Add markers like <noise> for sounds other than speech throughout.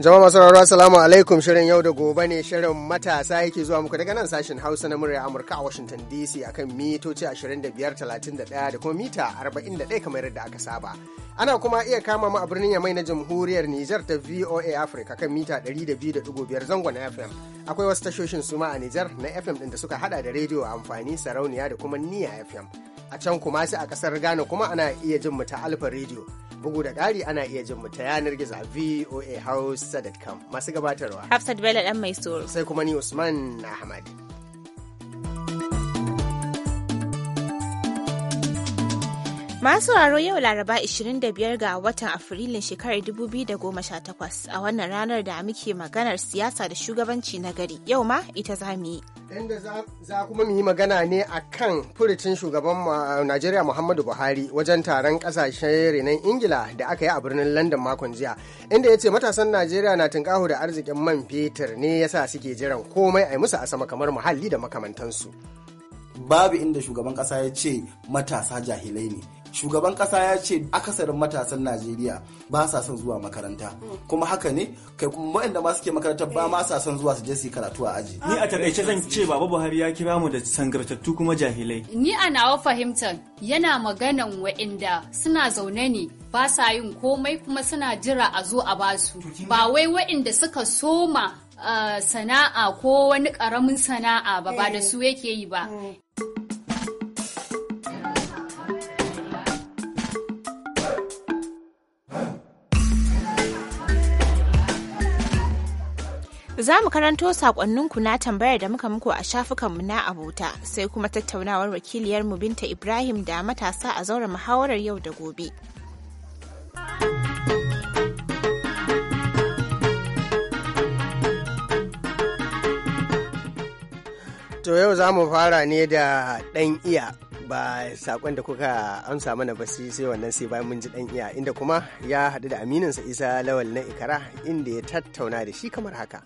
Jama'a masu rarra salamu alaikum shirin yau da gobe ne shirin matasa yake zuwa muku daga nan sashen Hausa na murya Amurka a Washington DC akan mitoci 2531 da kuma mita 41 kamar yadda aka saba. Ana kuma iya kama mu a birnin Yamai na Jamhuriyar Nijar ta VOA Africa kan mita 102.5 zangon FM. Akwai wasu tashoshin suma a Nijar na FM din da suka hada da rediyo amfani sarauniya da kuma niya FM. a can kuma a kasar Ghana kuma ana iya jin mu ta Alfa Radio. Bugu da ƙari ana iya jin mu ta yanar gizo a voahouse.com. masu gabatarwa. Hafsat Bello ɗan mai tsoro. Sai kuma ni Usman Ahmad. Masu raro yau Laraba 25 ga watan Afrilun shekarar 2018 a wannan ranar da muke maganar siyasa da shugabanci na gari yau ma ita za mu yi. inda za kuma mu yi magana ne a kan furucin shugaban Najeriya Muhammadu Buhari wajen taron kasashen renon Ingila da aka yi a birnin London makon jiya, inda ya ce matasan Najeriya na tunƙaho da arzikin man fetur ne yasa suke jiran komai a musu a sama kamar muhalli da makamantansu. Babu inda shugaban ƙasa ya ce matasa jahilai ne. shugaban kasa ya ce akasarin matasan najeriya ba sa son zuwa makaranta kuma haka ne kai kuma waɗanda ma suke makaranta ba ma sa son zuwa su je su yi karatu a aji ni a takaice zan ce baba buhari ya kira mu da sangartattu kuma jahilai ni a nawa fahimtar yana maganan waɗanda suna zaune ne ba sa yin komai kuma suna jira a zo a basu ba wai waɗanda suka soma eh, sana'a ko wani ƙaramin sana'a ba ba da eh. su yake yi ba mm. Za mu karanto sakonninku na tambayar da muka muku a shafukanmu na abota sai kuma tattaunawar wakiliyarmu Binta Ibrahim da matasa a zauren muhawarar yau da gobe. To yau za mu fara ne da ɗan iya ba sakon da kuka amsa mana ba sai wannan sai bayan mun ji dan iya inda kuma ya haɗu da aminin sa isa lawal na ikara inda ya tattauna da shi kamar haka.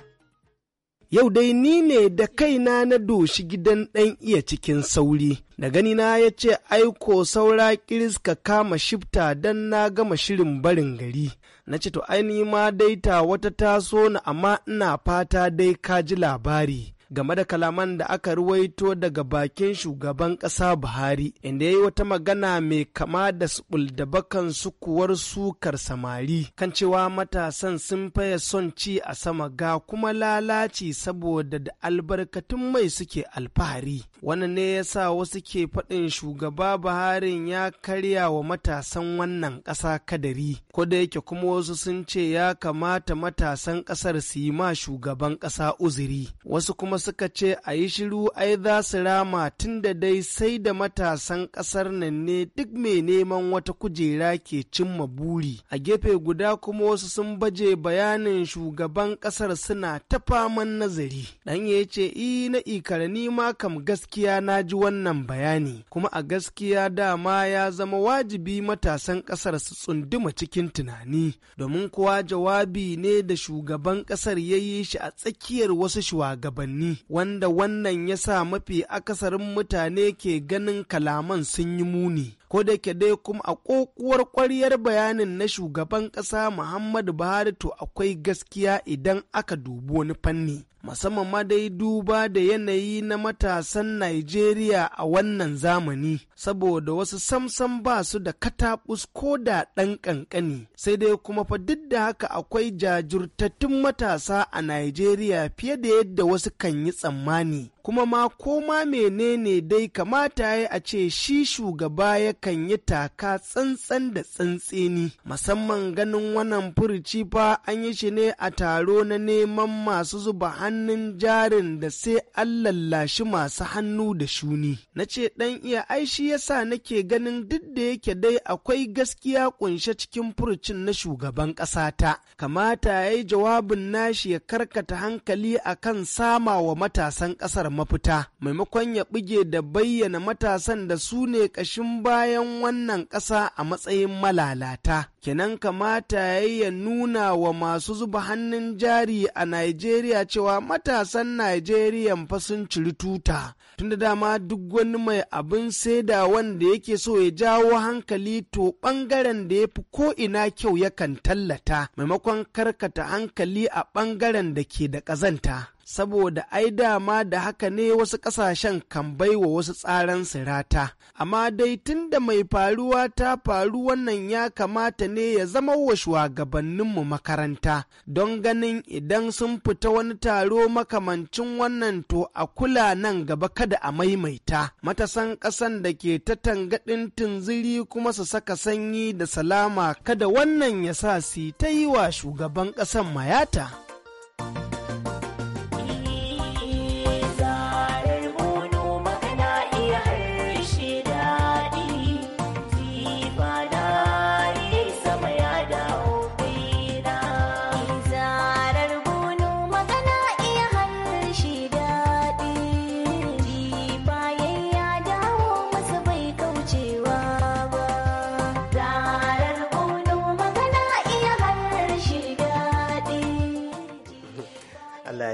yau dai ni ne da kaina na doshi gidan ɗan iya cikin sauri. Da ganina ya ce aiko saura kiris ka kama shifta don na gama shirin barin gari. Na ce to aini ma daita wata taso na amma ina fata dai ka ji labari. game da kalaman da aka ruwaito daga bakin shugaban ƙasa Buhari inda ya yi wata magana mai kama da su da sukuwar sukar samari kan cewa matasan sun faya son ci a sama ga kuma lalaci saboda da albarkatun mai suke alfahari. Wannan ne ya sa wasu ke faɗin shugaba Buharin ya karya wa matasan wannan ƙasa kadari, ko da yake kuma wasu sun ce ya kamata matasan ƙasar su yi ma shugaban ƙasa uzuri. Wasu kuma suka ce a yi shiru ai za su rama tun da dai sai da matasan ƙasar nan ne duk mai neman wata kujera ke cimma buri. A gefe guda kuma wasu sun baje bayanin shugaban ƙasar suna ta faman nazari. Dan ya ce i na ikarani ma kam gaskiya na ji wannan bayani kuma a gaskiya dama ya zama wajibi matasan ƙasar su tsunduma cikin tunani domin kuwa jawabi ne da shugaban ƙasar ya yi shi a tsakiyar wasu shugabanni. tunani wanda wannan ya sa mafi akasarin mutane ke ganin kalaman sun yi muni. Ko da ke dai kuma a kokuwar kwaryar bayanin na shugaban ƙasa Muhammadu Buhari to akwai gaskiya idan aka dubi wani fanni. musamman ma dai duba da yanayi na matasan Najeriya a wannan zamani, saboda wasu samsam ba su da kataɓus ko da ɗan ƙanƙani, sai dai kuma fa duk da haka akwai jajirtattun matasa a Najeriya fiye da yadda wasu kan yi tsammani. Kuma ma koma menene dai kamata ya a ce shi shugaba yakan yi taka tsantsan da tsantseni, musamman ganin wannan furuci fa an yi shi ne a taro na neman masu zuba hannu. hannun jarin da sai an lallashi masu hannu da shuni. Na ce ɗan iya aishi yasa nake ganin duk da yake dai akwai gaskiya kunshe cikin furucin na shugaban ƙasata. Kamata ya yi jawabin nashi ya karkata hankali a kan sama wa matasan ƙasar mafita, maimakon ya buge da bayyana matasan da su ne ƙashin bayan wannan ƙasa a matsayin malalata. kenan kamata ya yi ya nuna wa masu zuba hannun jari a Najeriya cewa matasan Najeriya fa sun ciri tuta. Tunda dama duk wani mai abin saida wanda yake so ya jawo hankali to ɓangaren da ya fi ko'ina kyau yakan tallata maimakon karkata hankali a ɓangaren da ke da ƙazanta. saboda ai dama da haka ne wasu ƙasashen kan baiwa wasu tsaran sirata. Amma dai tun da mai faruwa ta faru wannan ya kamata ne ya zama wa shugabanninmu makaranta, don ganin idan sun fita wani taro makamancin wannan to a kula nan gaba kada a maimaita. Matasan ƙasan da ke ta tangaɗin tunziri kuma su saka sanyi da salama kada wannan ya sa su ta yi wa shugaban ƙasan mayata.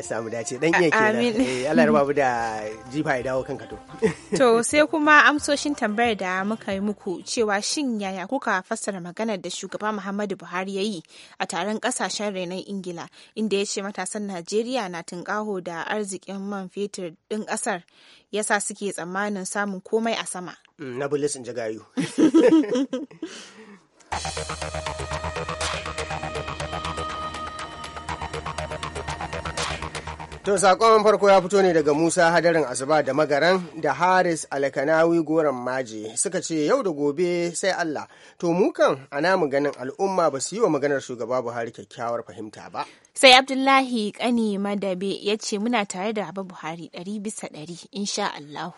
ya samu dace dan iya kenan eh, Allah ya rubu da <laughs> jifa ya dawo kanka to <laughs> to sai kuma amsoshin tambayar da muka yi muku cewa shin yaya kuka fassara maganar da shugaba Muhammadu Buhari ya yi a taron kasashen renon Ingila inda ya ce matasan Najeriya na tunƙaho da arzikin man fetur din ƙasar yasa suke tsammanin samun komai a sama mm, na bulisin jagayu <laughs> To sakon farko ya fito ne daga Musa Hadarin Asuba da Magaran da Haris Alkanawi Goran maji, suka ce yau da gobe sai Allah. To mu kan ana mu ganin al'umma ba su yi wa maganar shugaba Buhari kyakkyawar fahimta ba. Sai Abdullahi Kani Madabe ya ce muna tare da Baba Buhari ɗari bisa ɗari insha Allah.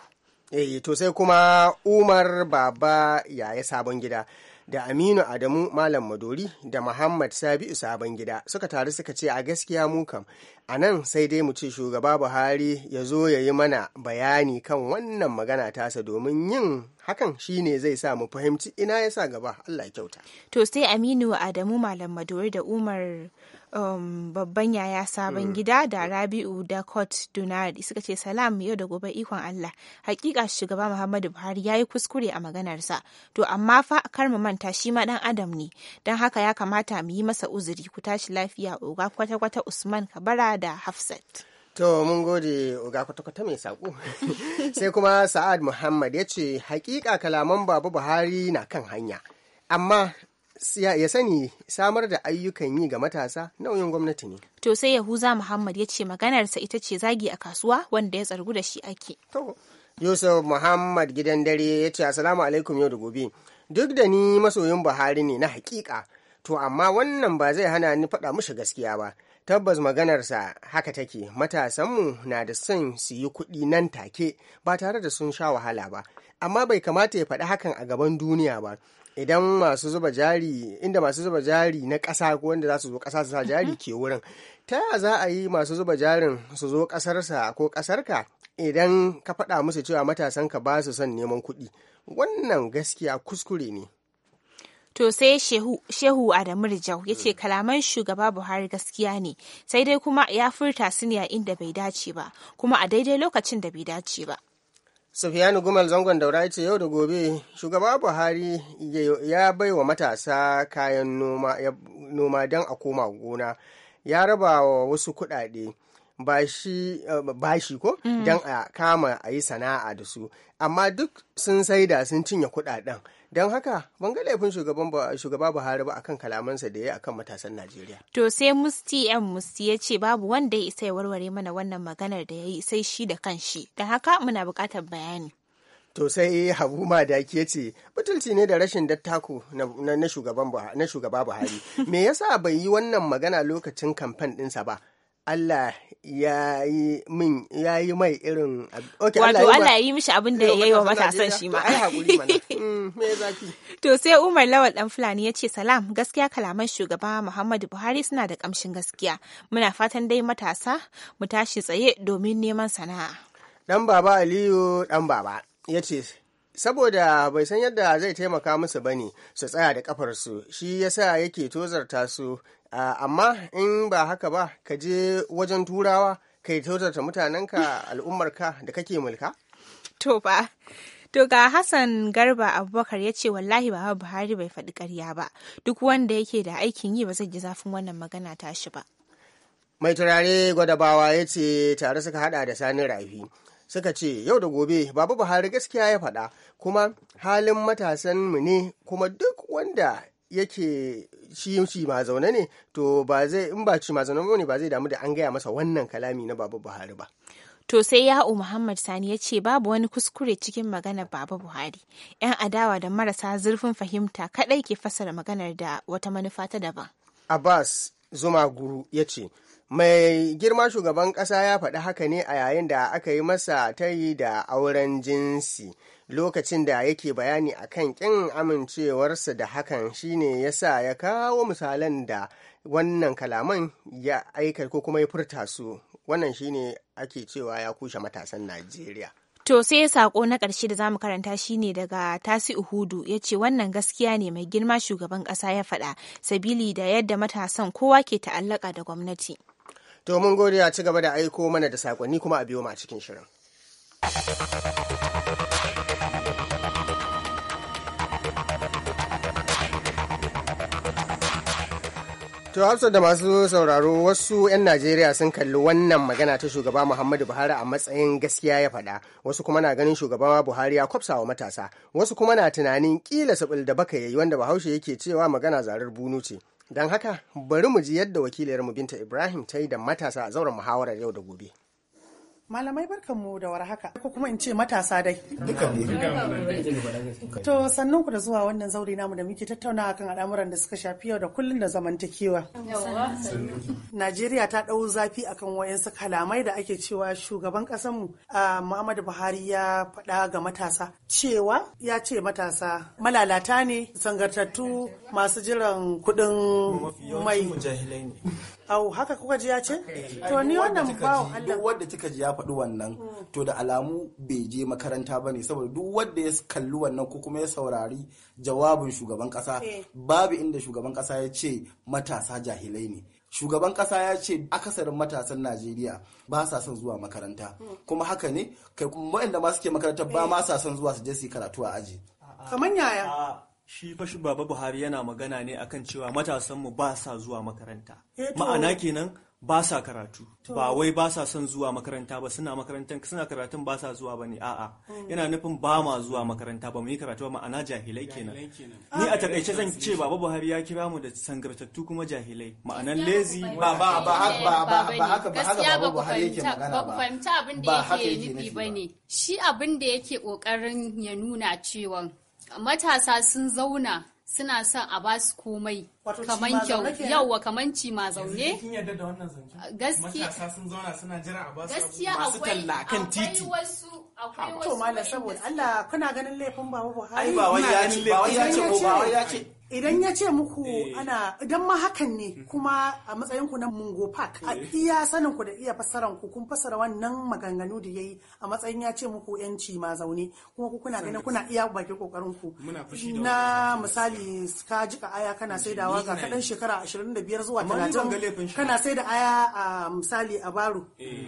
Eh to sai kuma Umar Baba yaya sabon gida. da aminu adamu malam madori da muhammad sabi'u sabon gida suka taru suka ce a gaskiya mu kam a nan sai dai mu ce shugaba buhari ya zo ya yi mana bayani kan wannan magana tasa domin yin hakan shine zai sa mu fahimci ina ya sa gaba allah kyauta to sai aminu adamu malam madori da umar um, babban yaya sabon mm. gida da rabi'u da court dunari suka ce salam yau da gobe ikon allah hakika shugaba muhammadu buhari ya yi kuskure a maganarsa to amma fa kar mu manta shi ma dan adam ne don haka ya kamata mu yi masa uzuri ku tashi lafiya oga kwata-kwata usman kabara da hafsat To mun gode oga kwata-kwata mai saƙo. <laughs> Sai kuma Sa'ad Muhammad ya ce, hakika kalaman babu Buhari na kan hanya, amma ya sani samar da ayyukan yi ga matasa nauyin gwamnati ne. To sai Yahuza Muhammad ya ce maganarsa ita ce zagi a kasuwa wanda ya tsargu da shi ake. Yusuf Muhammad gidan dare ya ce Assalamu alaikum yau da gobe. Duk da ni masoyin Buhari ne na hakika, to amma wannan ba zai hana ni faɗa mushi gaskiya ba. tabbas maganarsa haka take matasanmu na da son su yi kuɗi nan take ba tare da sun sha wahala ba amma bai kamata ya faɗi hakan a gaban duniya ba idan masu zuba jari inda masu zuba jari na ƙasa ko wanda za su zo ƙasa su sa jari mhm. ke wurin ta yaya za a yi masu zuba jarin su zo ƙasarsa ko ƙasarka idan ka faɗa musu cewa matasan ka ba su son neman kuɗi wannan gaskiya kuskure ne To sai Shehu Adamu Rijau ya ce mm. kalaman shugaba Buhari gaskiya ne, sai dai kuma ya furta su ne a inda bai dace ba, kuma a daidai lokacin da bai dace ba. Sufiyanu Gumal zangon daura ce yau da gobe shugaba Buhari ya bai wa matasa kayan noma don a koma gona ya raba wa wasu kuɗaɗe bashi eh, ko mm. don a kama a yi sana'a da su amma duk sun saida sun cinye kuɗaɗen don haka ban ga laifin shugaba buhari ba akan kalamansa da ya yi akan matasan najeriya to sai musti yan musti ya ce babu wanda ya isa ya warware mana wannan maganar da ya yi sai shi da kanshi don haka muna buƙatar bayani to sai habu madaki ke ce butulci ne da rashin dattako na shugaba buhari me yasa bai yi wannan magana lokacin kamfen ɗinsa ba Allah ya yi min ya yi mai irin okay, wato Allah ya yi mishi abin da ya yi wa matasan shi ma <laughs> mm, to sai Umar Lawal dan Fulani ya ce salam gaskiya kalaman shugaba Muhammadu Buhari suna da kamshin gaskiya muna fatan dai matasa mu tashi tsaye domin neman sana'a dan baba Aliyu dan baba ya ce saboda bai san yadda zai taimaka musu bane su tsaya da kafarsu shi yasa yake tozarta su amma in ba haka ba ka je wajen turawa ka yi ka mutanenka <laughs> al'ummarka da kake mulka to ba To ga Hassan Garba Abubakar ya ce wallahi ba Buhari bai faɗi karya ba duk wanda yake da aikin yi ba zai ji zafin wannan magana tashi ba. Mai turare gwadabawa ya ce tare suka hada da sani rafi. Suka ce yau da gobe babu Buhari gaskiya ya faɗa kuma halin matasan mu ne kuma duk wanda yake shi shi ma zaune ne to ba zai in ba shi ma zaune ne ba zai damu da an gaya masa wannan kalami na baba buhari ba To sai Ya'u Muhammad Sani ya ce babu wani kuskure cikin maganar Baba Buhari. 'Yan adawa da marasa zurfin fahimta kadai ke fasara maganar da wata manufa ta daban. Abbas Zuma Guru ya ce, mai girma shugaban ƙasa ya faɗi haka ne a yayin da aka yi masa tayi da auren jinsi lokacin da yake bayani a kan ƙin amincewarsa da hakan shine ya sa ya kawo misalan da wannan kalaman ya aika ko kuma ya furta su wannan shine ake cewa ya kushe matasan najeriya To sai sako na ƙarshe da zamu karanta shine daga Tasi Uhudu ya ce wannan gaskiya ne mai girma shugaban ƙasa ya faɗa sabili da yadda matasan kowa ke ta'allaka da gwamnati. to mun gode a ci gaba da aiko mana da sakonni kuma a biyo ma cikin shirin To hafsa da masu sauraro wasu 'yan Najeriya sun kalli wannan magana ta shugaba Muhammadu Buhari a matsayin gaskiya ya faɗa, wasu kuma na ganin shugaba Buhari ya kwafsa wa matasa, wasu kuma na tunanin kila sabil da baka yayi wanda Bahaushe yake cewa magana zarar bunu ce. don haka bari mu ji yadda wakiliyarmu binta ibrahim ta yi da matasa a zauren muhawarar yau da gobe Malamai mu da warhaka ko kuma in ce matasa dai. To sannan ku da zuwa wannan zauri namu da muke tattaunawa kan al'amuran da suka shafi yau da kullun da zamantakewa. Najeriya ta ɗau zafi akan wayansu kalamai da ake cewa shugaban mu Muhammadu Buhari ya faɗa ga matasa cewa ya ce matasa malalata ne zangartattu masu jiran kuɗin mai. au haka kuka ji ya ce to ni wannan bawo Allah wanda kika ji ya faɗi wannan mm. to da alamu bai je makaranta bane saboda duk wanda ya kalli wannan ko kuma ya saurari jawabin shugaban kasa eh. babu inda shugaban kasa ya ce matasa jahilai ne shugaban kasa ya ce akasarin matasan najeriya ba sa son zuwa makaranta mm. kuma haka ne kai kuma waɗanda ma suke makaranta ba eh. ma sa son zuwa su je su yi karatu a aji kamar yaya shi fashin baba buhari yana magana ne akan cewa matasanmu ba sa zuwa makaranta eh, ma'ana kenan ba sa karatu ba wai ba sa son zuwa makaranta ba suna makarantar suna karatun ba sa zuwa ba ne a'a hmm. yana nufin ba ma zuwa makaranta ba mu yi karatu ba ma'ana jahilai kenan ni a ah. takaice zan ce baba buhari ya kira mu da sangartattu kuma jahilai ma'anan lazy ba ba ba ba ba ba haka ba haka baba buhari yake magana ba ba fahimta abin da yake nufi bane shi abin da yake kokarin ya nuna cewa matasa sun zauna suna son a ba su komai kaman kyau yauwa kaman ci ma zaune gaskiya akwai akwai wasu akwai wasu to saboda Allah kuna ganin laifin baba Buhari ai ba wai ya ce ba wai ya ce Idan ya ce muku eh. ana idan ma hakan ne kuma a matsayin ku na Mungo Park a eh. iya sanin ku da iya fassaran ku kun fassara wannan maganganu da yayi a matsayin ya ce muku yanci ma zaune kuma ku kuna ganin kuna iya baki kokarin ku. Na misali ka jika aya kana da waka kadan shekara 25 zuwa 30 kana saida aya a misali a baro. Eh.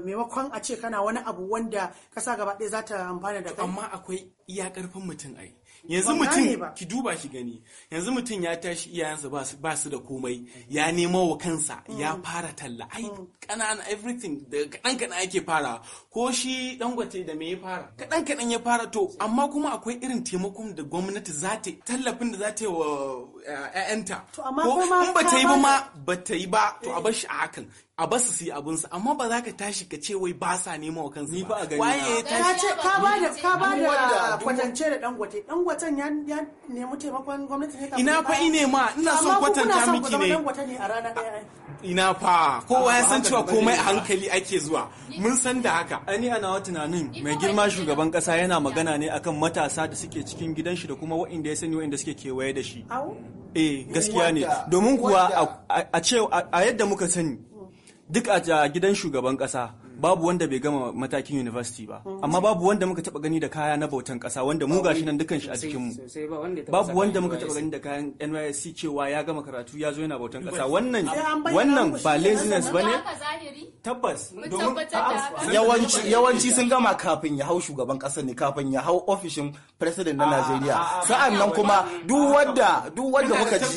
maimakon a ce kana wani abu wanda kasa gaba ɗaya za ta amfana da kai. Amma akwai iya ƙarfin mutum ai. yanzu mutum ki duba ki gani yanzu mutum ya tashi iyayensa ba su da komai ya nemo wa kansa mm. ya fara talla ai kanana mm. everything da kadan kadan ake fara ko shi dangote da me ya fara kadan kadan ya fara to amma kuma akwai irin taimakon da gwamnati za ta tallafin da za ta yi wa 'ya'yanta eh, ko in ba ta yi ba ma ba ta yi ba to a eh. bar shi a hakan a basu su su yi su amma ba za ka tashi ka ce wai ba sa nema wa kansu ni fa a gani waye ta ce ka ba da ka ba da kwatance da dan dangote dangoten ya ya nemi taimakon gwamnati ne ina fa ine ma ina son kwatanta miki ne ina fa kowa ya san cewa komai a hankali ake zuwa mun san da haka ani ana wa tunanin mai girma shugaban kasa yana magana ne akan matasa da suke cikin gidan shi da kuma wa'inda ya sani wa'inda suke kewaye da shi eh gaskiya ne domin kuwa a ce a yadda muka sani duk a gidan shugaban kasa babu wanda bai gama matakin university ba amma babu wanda muka taba gani da kaya na bautan kasa wanda mu gashi nan dukan shi a jikin mu babu wanda muka taba gani da kayan NYSC cewa ya gama karatu ya zo yana bautan kasa wannan wannan ba laziness bane tabbas yawanci sun gama kafin ya hau shugaban kasar ne kafin ya hau ofishin president na Najeriya sa'an nan kuma duk wadda duk wadda kuka ji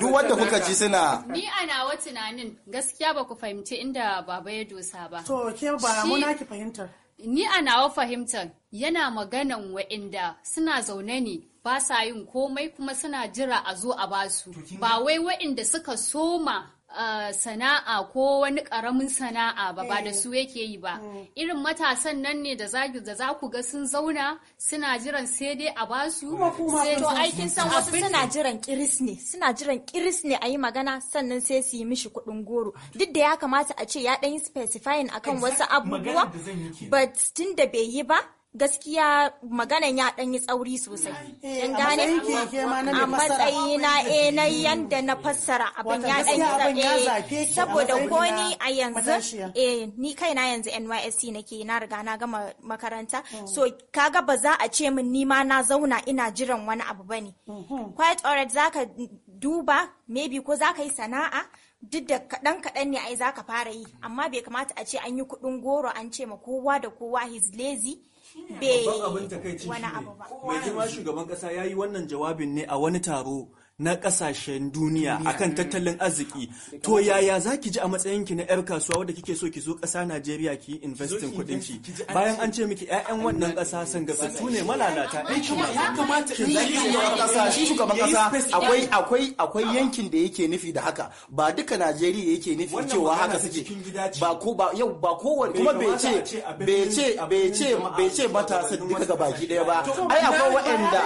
duk wadda kuka ji suna ni a nawa tunanin gaskiya ba ku fahimci inda baba ya dosa ba to ke ba mu ki fahimtar ni a nawa fahimtar yana maganan wa'inda suna zaune ne ba sa yin komai kuma suna jira a zo a basu ba wai wa'inda suka soma Uh, sana'a ko wani ƙaramin sana'a ba ba da eh. su yake yi ba mm. irin matasan nan ne da za ku ga sun zauna suna jiran sai dai a basu sai to aikin san wasu suna jiran kiris ne suna jiran kiris ne a yi magana sannan sai su yi mishi kuɗin goro duk da ya kamata a ce ya ɗan yi specifying akan wasu abubuwa but tun da bai yi ba gaskiya maganan ya dan yi tsauri sosai eh, kin gane a matsayi na eh na yanda na fassara abin ya dan yi saboda ko ni a yanzu eh ni kaina yanzu NYSC nake na riga na gama makaranta oh. so kaga ba za a ce min ni ma na zauna ina jiran wani abu bane mm-hmm. quite alright zaka duba maybe ko zaka yi sana'a duk da kaɗan kaɗan ne ai zaka fara yi amma bai kamata a ce an yi kuɗin goro an ce ma kowa da kowa his lazy bai wani abu ba. Mai girma shugaban kasa ya yi wannan jawabin ne a wani taro na kasashen duniya akan tattalin arziki to yaya za ki ji a matsayinki na 'yar kasuwa wadda kike so ki zo ƙasa najeriya ki yi investin kuɗin ki bayan an ce miki 'ya'yan wannan ƙasa gaba su ne malalata ya kamata ki zaki shugaban ƙasa akwai akwai akwai yankin da yake nufi da haka ba duka najeriya yake nufi cewa haka suke ba ko ba yau ba wani kuma bai ce bai ce bai ce bai ce matasa duka baki ɗaya ba ai akwai waɗanda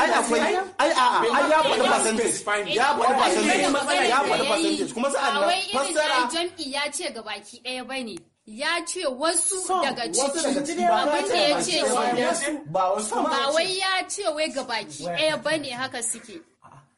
ai akwai ai a'a ai ya faɗi percentage ya faɗi percentage ya faɗi percentage kuma sa'an nan fassara jam'i ya ce gabaki baki ɗaya bane ya ce wasu daga ciki abin da ya ce ba wai ya ce wai gabaki baki ɗaya bane haka suke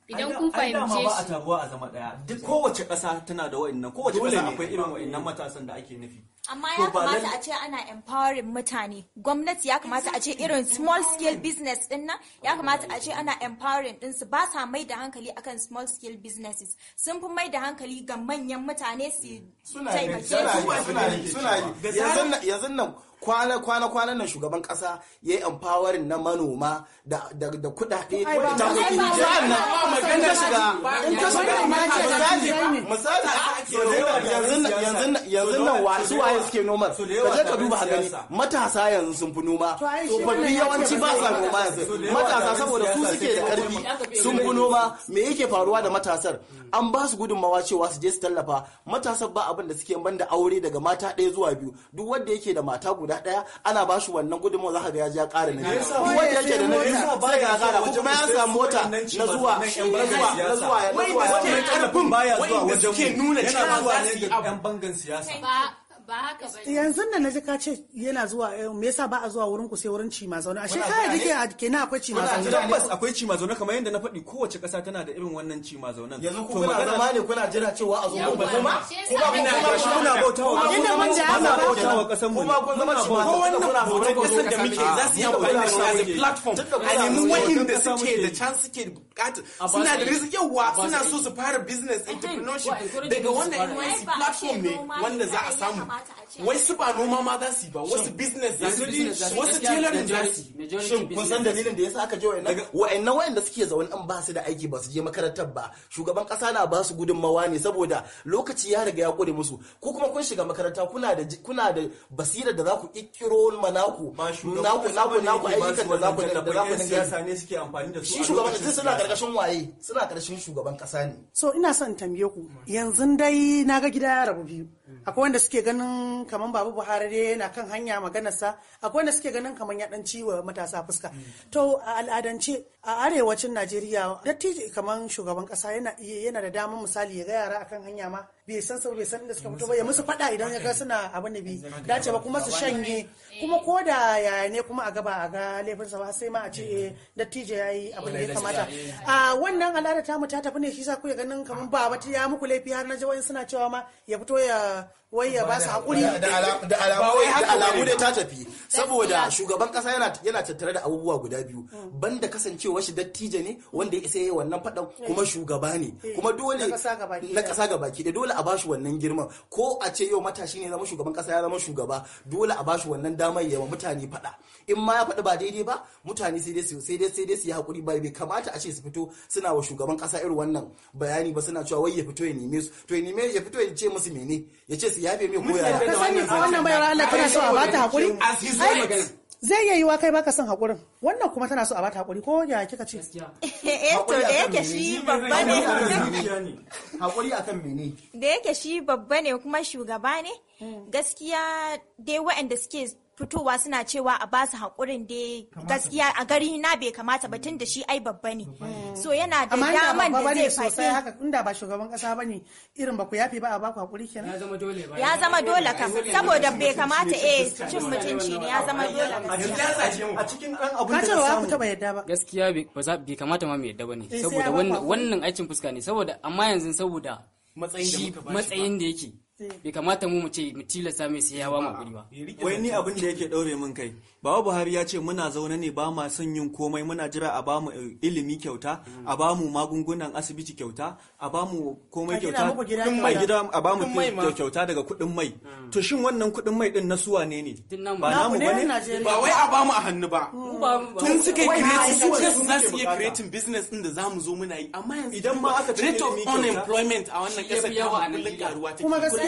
idan kun fahimce shi ba a taruwa a zama daya duk kowace ƙasa tana da wa'annan kowace ƙasa akwai irin wa'annan matasan da ake nufi amma ya kamata a ce ana empowering mutane gwamnati ya kamata a ce irin small scale business din nan ya kamata a ce ana empowering din su ba sa mai da hankali akan small scale businesses sun fi mai da hankali ga manyan mutane su taimake su yanzu nan kwana-kwana nan shugaban kasa ya yi empowering na manoma da kudade ta kudi sa'annan in ka shiga in ka shiga misali yanzu nan wasu waye suke noma ka je ka duba gani matasa yanzu sun fi noma tsofaffi yawanci ba sa noma yanzu matasa saboda su suke da karfi sun fi noma me yake faruwa da matasar an ba su gudunmawa cewa su je su tallafa matasan ba abin da suke banda aure daga mata ɗaya zuwa biyu duk wanda yake da mata guda guda daya ana ba shi wannan gudunmawa za ka ga ya ja ƙara na biyu wanda yake da na biyu sai ga ƙara ko kuma ya samu mota na zuwa na zuwa na zuwa ya zuwa ya karfin baya zuwa wajen mu yana zuwa ne ga ɗan bangan siyasa ba haka bane yanzu nan ka ce yana zuwa eh, me yasa ba a zuwa wurin ku sai wurin cima zaune ashe kai dake ke na akwai cima zaune tabbas akwai cima zaune kamar yadda na faɗi kowace ƙasa tana da irin wannan cima zaunen yanzu ku kuna zama ne kuna jira cewa a zo mu ba kuma kuma kuna shi kuna bautawa wa inda mun da ana bautawa ƙasar mu kuma kun zama cima ko wannan hoton kasan da muke za su yi amfani da shi as a platform a nemi wa'inda suke da can suke bukatar suna da rizki yawa suna so su fara business entrepreneurship daga wannan NYC platform ne wanda za a samu wai su ba noma ma za su yi ba wasu business za su yi wasu tailoring za su yi shin kun san dalilin da yasa aka je na wa'annan wa'anda suke zaune an ba su da aiki ba su je makarantar ba shugaban kasa na ba su gudunmawa ne saboda lokaci ya riga ya kure musu ko kuma kun shiga makaranta kuna da kuna da basira da za ku ikkiro manaku naku naku naku ayyukan da za ku da za ku dinga shi shugaban kasa suna karkashin waye suna karkashin shugaban kasa ne so ina son tambaye ku yanzu dai na ga gida ya rabu biyu akwai wanda suke ganin kamar babu buhari ne yana kan hanya maganarsa akwai wanda suke ganin kamar ya dan wa matasa fuska to a al'adance a arewacin najeriya dattijo kamar shugaban kasa yana yana da damar misali ya ga yara akan hanya ma bai san sau bai san inda suka fito ba ya musu fada idan ya ga suna abin da bi dace ba kuma su shanye kuma ko da yaya ne kuma a gaba a ga laifinsa ba sai ma a ce eh, dattijo ya abin da ya kamata a wannan al'ada ta mu ta tafi ne shi sa ku ganin kamar ba ta ya muku laifi har na ji suna cewa ma ya fito ya Florida uh, wai ya ba su hakuri da alamu da ta tafi saboda shugaban kasa yana tattare da abubuwa guda biyu hmm. banda kasancewa shi dattijo ne wanda ya isa yayi wannan fadan hmm. kuma shugaba ne hmm. kuma dole na kasa baki da dole a ba shi wannan girma ko a ce yau matashi ne zama shugaban kasa ya zama shugaba dole a ba shi wannan damar yawa mutane fada in ma ya faɗi ba daidai ba mutane sai dai sai dai sai dai su yi hakuri ba bai kamata a ce su fito suna wa shugaban kasa irin wannan bayani ba suna cewa wai ya fito ya neme su to ya neme ya fito ya ce musu mene ya ce su yabe mai goya ka sani a wannan bayar Allah tana so a bata hakuri zai iya yiwa kai baka son hakurin wannan kuma tana so a bata hakuri ko ya kika ce <laughs> eh to da yake shi babba ne <laughs> hakuri akan mene da yake shi babba ne kuma shugaba ne hmm. gaskiya dai waɗanda suke fitowa suna cewa a ba su haƙurin da gaskiya a gari na bai kamata ba tun da shi ai babba ne so yana da daman da zai faɗi haka inda ba shugaban kasa bane irin ba ku yafe ba a ba ku haƙuri kenan ya zama dole ba ya zama dole kam saboda bai kamata eh cin mutunci ne ya zama dole a cikin dan abun da ka ku taba yadda ba gaskiya bai kamata ma mu yadda bane eh, saboda wannan aikin fuska ne saboda amma yanzu saboda matsayin da yake bai kamata mu ce mu tilasta mai sai ya ba mu kuɗi ba wai ni abin da yake ɗaure min kai baba buhari ya ce muna zaune ne ba ma son yin komai muna jira a bamu eh, ilimi kyauta a bamu magungunan asibiti kyauta a bamu komai kyauta kuɗin mai gida a bamu kyauta daga kuɗin mai to shin wannan kuɗin mai din na suwa ne ne ba namu bane ba wai a bamu a hannu ba tun suka yi creating su ce su zasu iya kiretin business din da za mu zo muna yi amma yanzu idan ma aka ce rate of unemployment a wannan ƙasar ta kullun karuwa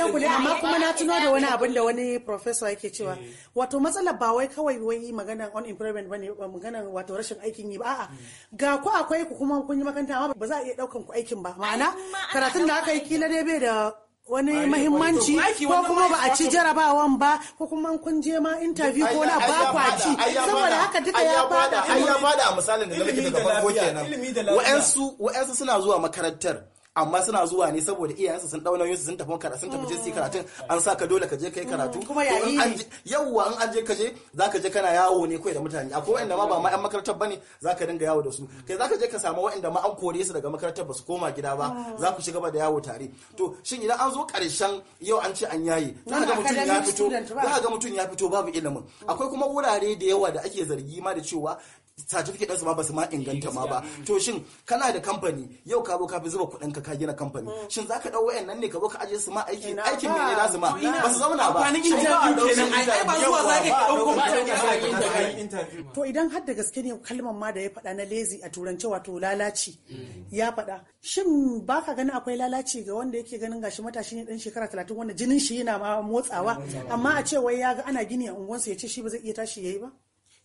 biyan ku amma kuma na tuno da wani abin da wani professor yake cewa eh. wato matsalar ba wai kawai wai maganar unemployment bane magana wato rashin aikin yi ba a'a hmm. ga ku akwai ku kuma kun yi makaranta amma ba za a iya daukan ku aikin ba ma'ana karatun da aka yi kila dai bai da wani mahimmanci ko kuma ba a ci jarabawan ba ko kuma kun je ma interview ko na ba ku ci saboda haka duka ya bada ai ya bada a misalin da nake daga farko kenan wa'ansu wa'ansu suna zuwa makarantar amma suna zuwa ne saboda iyayensu sun dauna yinsu sun tafi karatu sun tafi je su karatun an saka dole ka je kai mm, karatu kuma yayi yawwa an an je ka je zaka je kana yawo ne kai da mutane akwai wanda ma ba ma yan makarantar bane zaka dinga yawo da su kai zaka je ka samu wanda ma an kore su daga makarantar ba su koma gida ba oh. za ku shiga ba da yawo tare to shin idan an zo karshen yau an ce an yayi za ga mutum ya fito za ga mutum ya fito babu ilimin akwai kuma wurare da yawa da ake zargi ma da cewa certificate ɗansu ma ba su ma inganta ma ba to shin kana da kamfani yau ka zo ka fi zuba kuɗin ka gina kamfani mm. shin za ka ɗau wayannan ne ka ka aje su ma aiki aikin ne za su ba su zauna ba to idan har da gaske ne kalmar ma da ya faɗa na lazy a turance wato lalaci mm. ya faɗa shin ba ka ganin akwai lalaci ga wanda yake ganin gashi matashi ne dan shekara talatin wanda jinin shi yana motsawa amma a ce wai ya ga ana gini a unguwansa ya ce shi ba zai iya tashi yayi ba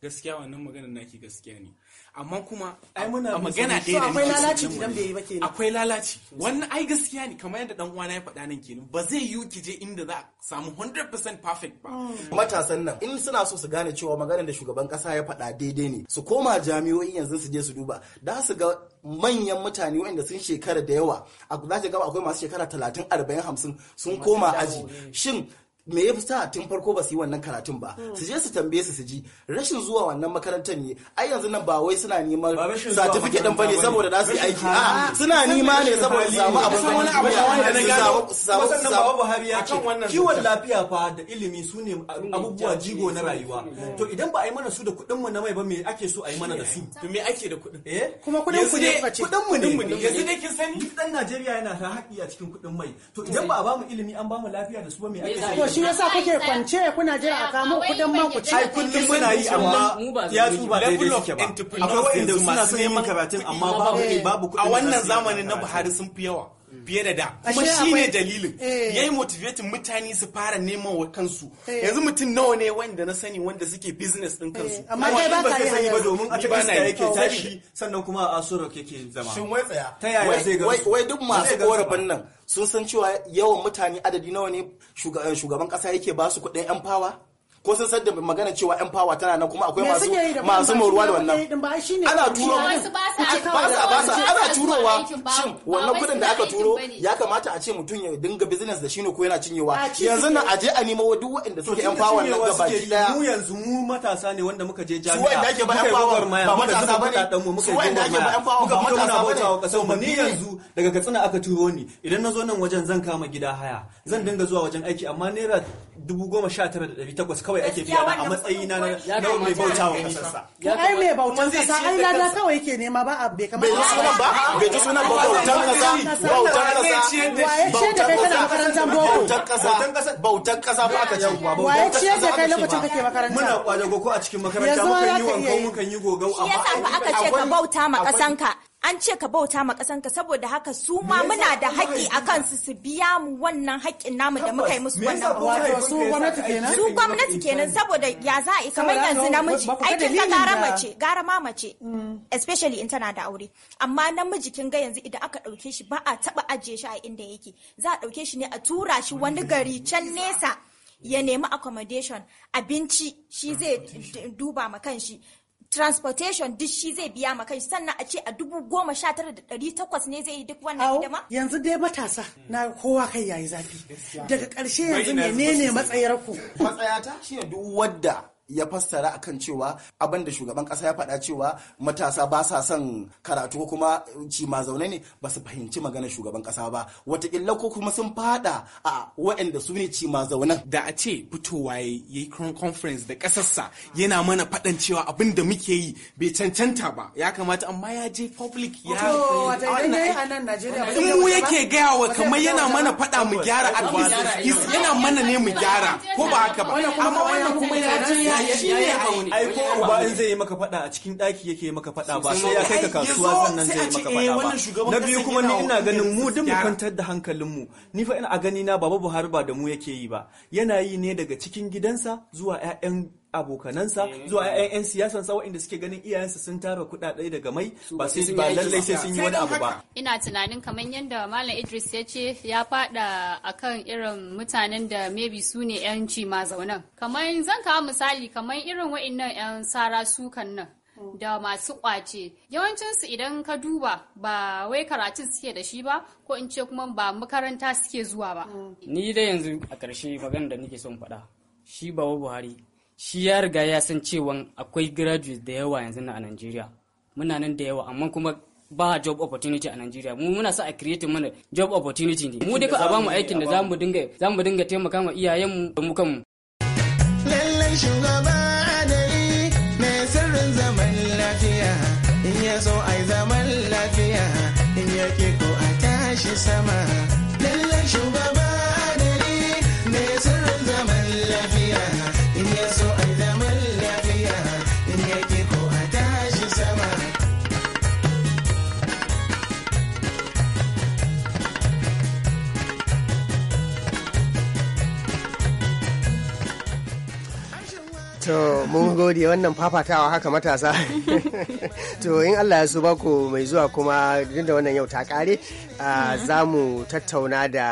gaskiya wannan na naki gaskiya ne amma kuma ai muna magana dai da akwai lalaci idan bai yi ba kenan akwai lalaci wannan ai gaskiya ne kamar yadda dan uwana ya faɗa nan kenan ba zai yiwu ki je inda za a samu 100% perfect ba hmm. matasan nan in suna so su gane cewa maganar da shugaban kasa ya faɗa daidai ne su koma jami'o'i yanzu su je su duba da su ga manyan mutane waɗanda sun shekara da yawa a za ga akwai masu shekara 30 40 50 sun koma aji eh. shin me ya fita tun farko ba su yi wannan karatun ba hmm. su je su tambaye su su ji rashin zuwa wannan makarantar ne ai yanzu nan ba wai suna neman certificate din bane saboda da su yi aiki a suna nima ne saboda su samu abin wani abu da wanda na gano Buhari ya kan wannan kiwon lafiya fa da ilimi su ne abubuwa jigo na rayuwa hmm. to idan ba a yi mana su da kuɗin mu na mai ba me ake so a yi mana da su to me ake da kuɗin eh kuma kuɗin ku ne kuɗin mu ne yanzu ne kin sani dan Najeriya yana ta haƙƙi a cikin kuɗin mai to idan hmm. ba a ba mu ilimi an ba mu lafiya da su ba me ake so shi yasa kuke kwance kuna jira a kamo kudin man ku ci. Ai kullum muna yi amma ya tsuba daidai suke ba. Akwai wanda suna son yin karatun amma babu kuɗin. A wannan zamanin na Buhari sun fi yawa. Mm. fiye da da kuma shi ne dalilin eh. ya yi motivating mutane su fara neman wa kansu eh. yanzu mutum nawa ne wanda na sani wanda suke business din kansu eh, amma kai ba ka sani ba domin a cikin iska yake tashi sannan kuma a asurok yake zama shin wai tsaya ta yaya zai ga wai duk masu korafin nan sun san cewa yawan mutane adadi nawa ne eh, shugaban kasa yake ba su kuɗin yan fawa ko sun san da magana cewa yan fawa tana nan kuma akwai masu masu moruwa da wannan ana turo ba sa ba sa ana turowa shin wannan kudin da aka turo ya kamata a ce mutum ya dinga business da shi ne ko yana cinyewa yanzu nan aje a nemo duk waɗanda suke yan fawa nan gaba daya mu yanzu mu matasa ne wanda muka je jami'a wanda ake ba yan fawa ba matasa bane muka yi wanda ake ba yan fawa ba matasa bane kasau ba ni yanzu daga katsina aka turo ni idan na zo nan wajen zan kama gida haya zan dinga zuwa wajen aiki amma naira dubu goma sha tara da ɗari takwas kawai kawai ake biya na a matsayi na na mai bauta wa kasarsa to ai mai bautan kasa ai lada kawai yake nema ba a bai kamar bai sunan ba bai ji sunan ba bautan kasa bautan kasa bautan kasa makarantar boko bautan kasa bautan kasa bautan kasa ba aka ce ba bautan kasa waye ce kai lokacin kake makaranta muna kwaje goko a cikin makaranta mukan yi wankan wanka mukan yi gogau amma aka ce ka bauta ma kasanka an ce ka bauta ma kasan ka saboda haka su ma muna da haƙƙi a kansu su biya mu wannan haƙƙin namu da muka yi musu wannan bauta. Su gwamnati kenan? saboda ya za a yi kamar yanzu namiji aikin ka gara mace gara ma mace mm. especially in tana da aure amma namiji kin ga yanzu idan aka ɗauke shi ba a taɓa ajiye shi a inda yake za a ɗauke shi ne a tura shi wani gari can nesa. ya nemi accommodation abinci shi zai duba ma kan shi. transportation duk shi zai biya ma kai sannan a ce a dubu goma sha tara da ɗari takwas ne zai yi duk wannan hidima? yanzu dai matasa na kowa kai yayi zafi daga karshe yanzu menene matsayar ku matsayata shi duk wadda ya fassara akan cewa abin da shugaban kasa ya faɗa cewa matasa ba sa son karatu ko kuma ci zaune ne ba su fahimci maganar shugaban kasa ba watakila ko kuma sun fada a waɗanda su ne ci zaunen da a ce fitowa ya yi conference da ƙasarsa yana mana faɗan cewa abin da muke yi bai cancanta ba ya kamata amma ya je public ya mu yake gaya wa kamar yana mana faɗa mu gyara yana mana ne mu gyara ko ba haka ba amma wannan kuma ya je shi ne ai ko in zai yi maka fada a cikin daki yake maka fada ba sai ya kai ka kasuwa sannan zai yi maka fada ba na biyu kuma ni ina ganin mu duk mu kwantar da hankalin mu ni fa ina a gani na baba Buhari ba da mu yake yi ba yana yi ne daga cikin gidansa zuwa ƴaƴan abokanansa eh. zuwa ƴaƴan siyasan sa waɗanda suke ganin iyayensa sun tara kuɗaɗe daga mai ba sai ba lallai sai sun yi wani abu ba ina tunanin kamar yadda malam Idris ya ce ya fada akan irin mutanen da maybe su ne ƴanci ma zaunan kamar zan kawo misali kamar irin waɗannan 'yan sara sukan nan da masu kwace yawancinsu idan ka duba ba wai karatun suke da shi ba ko in ce kuma ba makaranta suke zuwa ba ni da yanzu a ƙarshe magana da nake son faɗa shi baba buhari shi ya riga ya san cewa akwai graduates da yawa yanzu a Najeriya muna nan da yawa amma kuma ba job opportunity a Najeriya mu muna sa a create mana job opportunity ne mu dai a a mu aikin da zamu dinga zamu dinga taimaka ma iyayenmu da mu kanmu lallan shugaba to mun gode wannan fafatawa haka matasa <laughs> to in allah ya so ku mai zuwa kuma duk da wannan yau ta kare za mu tattauna da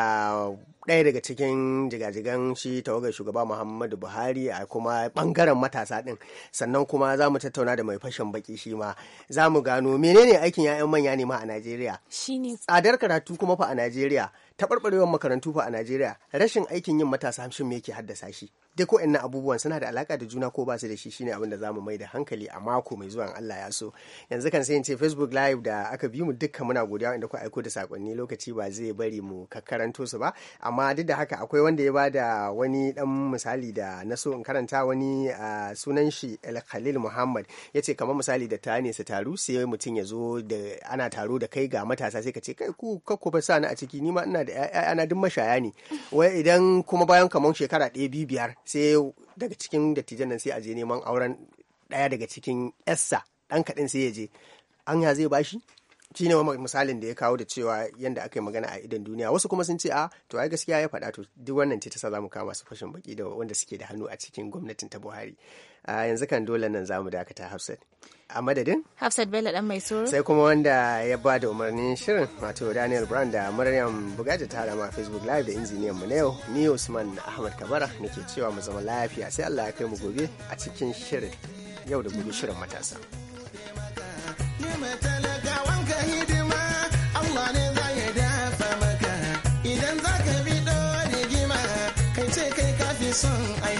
ɗaya daga cikin jigajigan shi tawagar shugaba muhammadu buhari a kuma bangaren matasa ɗin sannan kuma za mu tattauna da mai fashin baki shi ma za mu gano menene aikin 'ya'yan manya ne ma a najeriya tsadar karatu kuma fa a najeriya taɓarɓarewar makarantu fa a najeriya rashin aikin yin matasa shin me yake haddasa shi duk na abubuwan suna da alaka da juna ko ba su da shi shine abin da za mu mai da hankali a mako mai zuwa Allah ya so yanzu kan sai in ce Facebook live da aka bi mu dukkan muna godiya inda ku aiko da sakonni lokaci ba zai bari mu kakkaranto su ba amma duk da haka akwai wanda ya bada wani dan misali da na so in karanta wani sunan shi El Khalil Muhammad ce kamar misali da ta ne su taru sai mutum ya zo da ana taro da kai ga matasa sai ka ce kai ku kakku ba sa ni a ciki ni ma ina da ana duk mashaya ne wai idan kuma bayan kamar shekara ɗaya biyu biyar sai daga cikin dattijan nan sai a je neman auren ɗaya daga cikin yassa ɗan kaɗin sai ya je an ya zai bashi shi ne misalin da ya kawo da cewa yadda aka yi magana a idan duniya wasu kuma sun ce a ah, to ai gaskiya ya faɗa to duk wannan ce ta sa zamu kama su fashin baki da wanda suke da hannu a cikin gwamnatin ta Buhari a yanzu kan dole nan zamu dakata Hafsat a madadin Hafsat Bello dan mai soro sai kuma wanda ya ba da umarnin shirin wato Daniel Brand da Maryam buga ta rama Facebook live da injiniyan mu na yau ni Usman Ahmad Kabara nake cewa mu zama lafiya sai Allah ya kai mu gobe a cikin shirin yau da gobe shirin matasa san